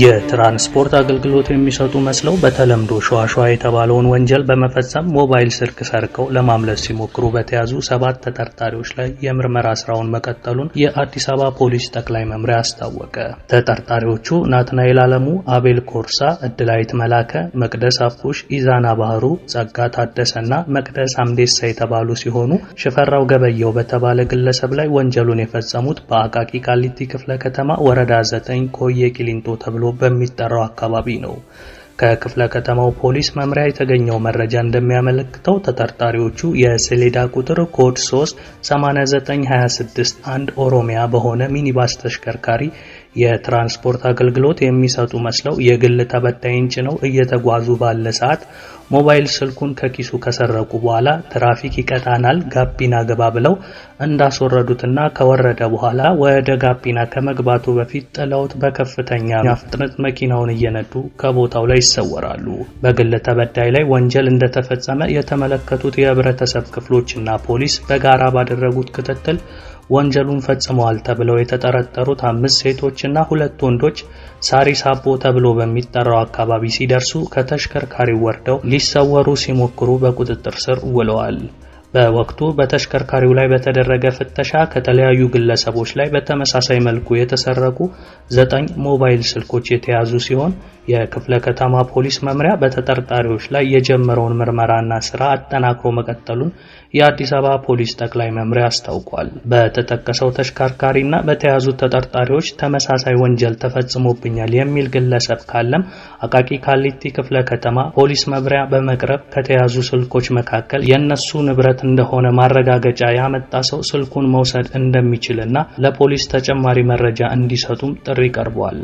የትራንስፖርት አገልግሎት የሚሰጡ መስለው በተለምዶ ሸዋሸዋ የተባለውን ወንጀል በመፈጸም ሞባይል ስልክ ሰርቀው ለማምለስ ሲሞክሩ በተያዙ ሰባት ተጠርጣሪዎች ላይ የምርመራ ስራውን መቀጠሉን የአዲስ አበባ ፖሊስ ጠቅላይ መምሪያ አስታወቀ። ተጠርጣሪዎቹ ናትናኤል አለሙ፣ አቤል ኮርሳ፣ እድላይት መላከ፣ መቅደስ አፉሽ፣ ኢዛና ባህሩ፣ ጸጋ ታደሰና መቅደስ አምዴሳ የተባሉ ሲሆኑ ሽፈራው ገበየው በተባለ ግለሰብ ላይ ወንጀሉን የፈጸሙት በአቃቂ ቃሊቲ ክፍለ ከተማ ወረዳ 9 ኮየ ቂሊንጦ ተብሎ ተብሎ በሚጠራው አካባቢ ነው። ከክፍለ ከተማው ፖሊስ መምሪያ የተገኘው መረጃ እንደሚያመለክተው ተጠርጣሪዎቹ የሰሌዳ ቁጥር ኮድ 3 አንድ ኦሮሚያ በሆነ ሚኒባስ ተሽከርካሪ የትራንስፖርት አገልግሎት የሚሰጡ መስለው የግል ተበዳይን ጭነው እየተጓዙ ባለ ሰዓት ሞባይል ስልኩን ከኪሱ ከሰረቁ በኋላ ትራፊክ ይቀጣናል ጋቢና ገባ ብለው እንዳስወረዱትና ከወረደ በኋላ ወደ ጋቢና ከመግባቱ በፊት ጥለውት በከፍተኛ ፍጥነት መኪናውን እየነዱ ከቦታው ላይ ይሰወራሉ። በግል ተበዳይ ላይ ወንጀል እንደተፈጸመ የተመለከቱት የህብረተሰብ ክፍሎችና ፖሊስ በጋራ ባደረጉት ክትትል ወንጀሉን ፈጽመዋል ተብለው የተጠረጠሩት አምስት ሴቶችና ሁለት ወንዶች ሳሪስ ተብሎ በሚጠራው አካባቢ ሲደርሱ ከተሽከርካሪው ወርደው ሊሰወሩ ሲሞክሩ በቁጥጥር ስር ውለዋል። በወቅቱ በተሽከርካሪው ላይ በተደረገ ፍተሻ ከተለያዩ ግለሰቦች ላይ በተመሳሳይ መልኩ የተሰረቁ ዘጠኝ ሞባይል ስልኮች የተያዙ ሲሆን የክፍለ ከተማ ፖሊስ መምሪያ በተጠርጣሪዎች ላይ የጀመረውን ምርመራና ስራ አጠናክሮ መቀጠሉን የአዲስ አበባ ፖሊስ ጠቅላይ መምሪያ አስታውቋል። በተጠቀሰው ተሽከርካሪና በተያዙት ተጠርጣሪዎች ተመሳሳይ ወንጀል ተፈጽሞብኛል የሚል ግለሰብ ካለም አቃቂ ካሊቲ ክፍለ ከተማ ፖሊስ መምሪያ በመቅረብ ከተያዙ ስልኮች መካከል የእነሱ ንብረት ስህተት እንደሆነ ማረጋገጫ ያመጣ ሰው ስልኩን መውሰድ እንደሚችልና ለፖሊስ ተጨማሪ መረጃ እንዲሰጡም ጥሪ ቀርቧል።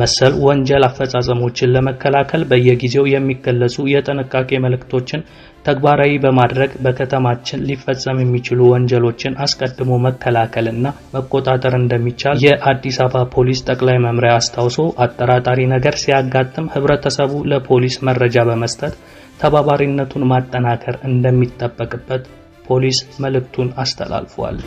መሰል ወንጀል አፈጻጸሞችን ለመከላከል በየጊዜው የሚገለጹ የጥንቃቄ መልእክቶችን ተግባራዊ በማድረግ በከተማችን ሊፈጸም የሚችሉ ወንጀሎችን አስቀድሞ መከላከልና መቆጣጠር እንደሚቻል የአዲስ አበባ ፖሊስ ጠቅላይ መምሪያ አስታውሶ አጠራጣሪ ነገር ሲያጋጥም ህብረተሰቡ ለፖሊስ መረጃ በመስጠት ተባባሪነቱን ማጠናከር እንደሚጠበቅበት ፖሊስ መልእክቱን አስተላልፏል።